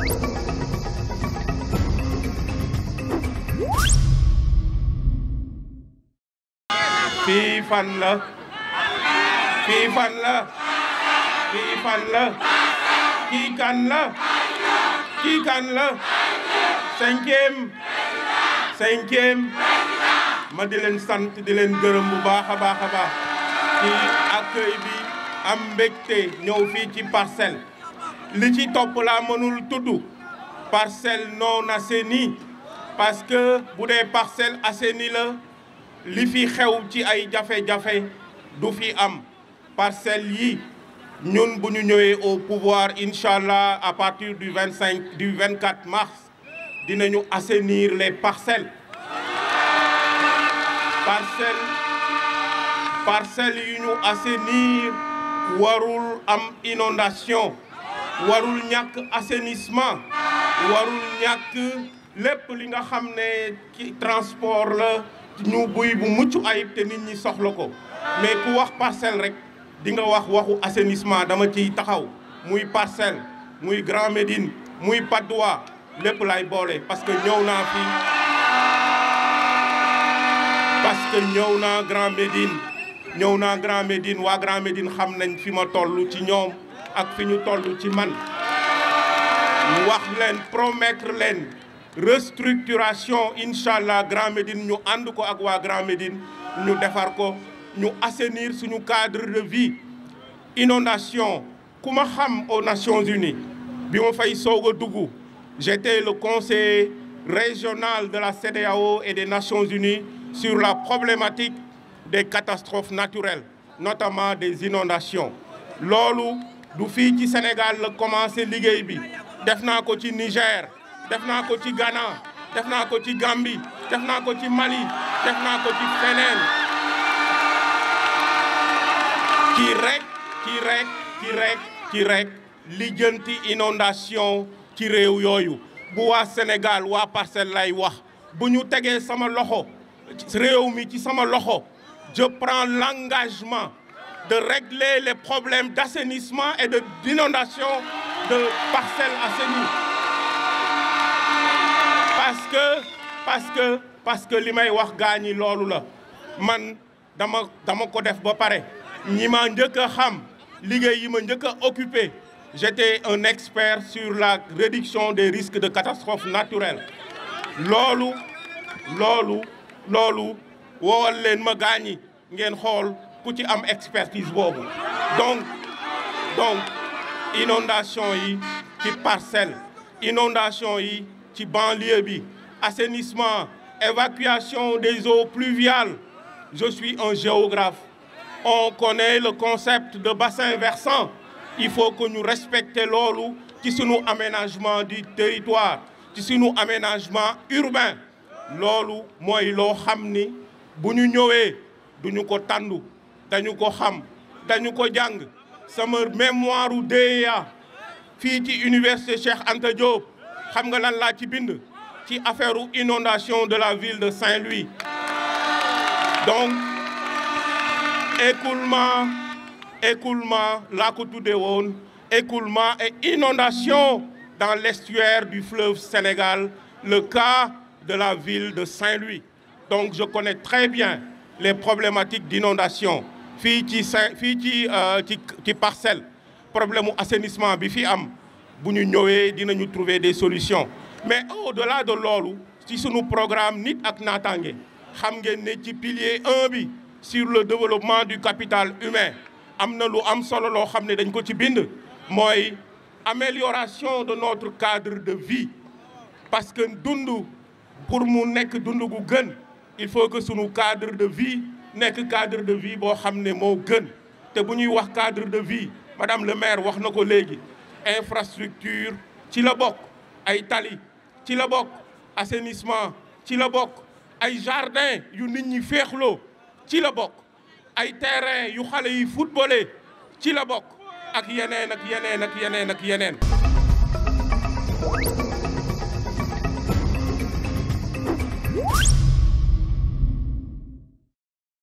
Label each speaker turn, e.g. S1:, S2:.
S1: fii fan la fii fan la fii fan la kii kan la kii kan la cinquième ma di leen sant di leen gërëm bu baax a baax a baax ci accueil bi am mbégte ñëw fii ci parcelle li ci topp la mënul tudd parcelle non assainie parce que bu dee parcelle assainie la li fi xew ci ay jafe-jafe du fi am parcelle yi ñun bu ñu ñëwee au pouvoir incha allah à partir du 25 du 24 mars dinañu assainir les parcelles parcelles parcelles yu ñu assainir warul am inondation warul ñàkk assainissement warul ñàkk lépp li nga xam ne ci transport la ñu buy bu mucc ayib te nit ñi soxla ko mais ku wax parcelle rek di nga wax waxu assainissement dama ciy taxaw muy parcelle muy Grand Médine muy Patte d'Oie lépp lay boole parce que ñëw naa fi parce que ñëw naa Grand Médine ñëw naa Grand Médine waa Grand Médine xam nañ fi ma toll ci ñoom ak fi ñu toll ci man ñu wax leen leen restructuration incha allah Grand Médine ñu ànd ko ak waa Grand Médine ñu defar ko ñu assainir suñu cadre de vie inondation ku xam aux Nations Unies bi ma fay soog a dugg j'étais le conseil régional de la CEDEAO et des Nations Unies sur la problématique des catastrophes naturelles notamment des inondations loolu du fii ci Sénégal la commencé liggéey bi def naa ko ci Niger def naa ko ci Ghana def naa ko ci Gambie def naa ko ci Mali def naa ko ci feneen ci rek ci rek ci rek ci rek lijjanti inondation ci réew yooyu bu waa Sénégal waa Parcelles lay wax bu ñu tegee sama loxo réew mi ci sama loxo je prends de régler les problèmes d'assainissement et d'inondation de, de parcelles assainies parce que parce que parce que li may wax gaa ñi loolu la man dama dama ko def ba pare ñi ma njëkk a xam liggéey yi ma njëkk a occupé j'étais un expert sur la réduction des risques de catastrophes naturelles loolu loolu loolu woowal leen ma gaa ngeen xool ku ci am expertise boobu donc donc inondation yi ci parcelle inondation yi ci banlieue bi assainissement évacuation des eaux pluviales je suis un géographe on connaît le concept de bassin versant il faut que ñu respecter loolu ci sunu aménagement du territoire ci sunu aménagement urbain loolu mooy loo xam ni bu ñu ñëwee du ñu ko tàndu dañu ko xam dañu ko jàng sama mémoire u DEA fii ci université Cheikh Anta Diop xam nga lan laa ci bind ci affaire u inondation de la ville de Saint-Louis donc écoulement écoulement laa ko tudde woon écoulement et inondation dans l'estuaire du fleuve Sénégal le cas de la ville de Saint-Louis donc je connais très bien les problématiques d'inondation fii ci sa fii ci euh, ci ci parcelle problème mu assainissement bi fi am bu ñu ñëwee dinañu trouver des solutions mais au-delà de loolu ci sunu programme nit ak naataange xam ngeen ne ci pilier un bi sur le développement du capital humain am na lu am solo loo xam ne dañ ko ci bind mooy amélioration de notre cadre de vie parce que dund pour mu nekk dund gu gën il faut que sunu cadre de vie nekk cadre de vie boo xam ne moo gën te bu ñuy wax cadre de vie madame le maire wax na ko léegi infrastructure ci la bokk ay tali ci la bokk assainissement ci la bokk ay jardin yu nit ñi féexloo ci la bokk ay terrain yu xale yi footballé ci la bokk ak yeneen ak yeneen ak yeneen ak yeneen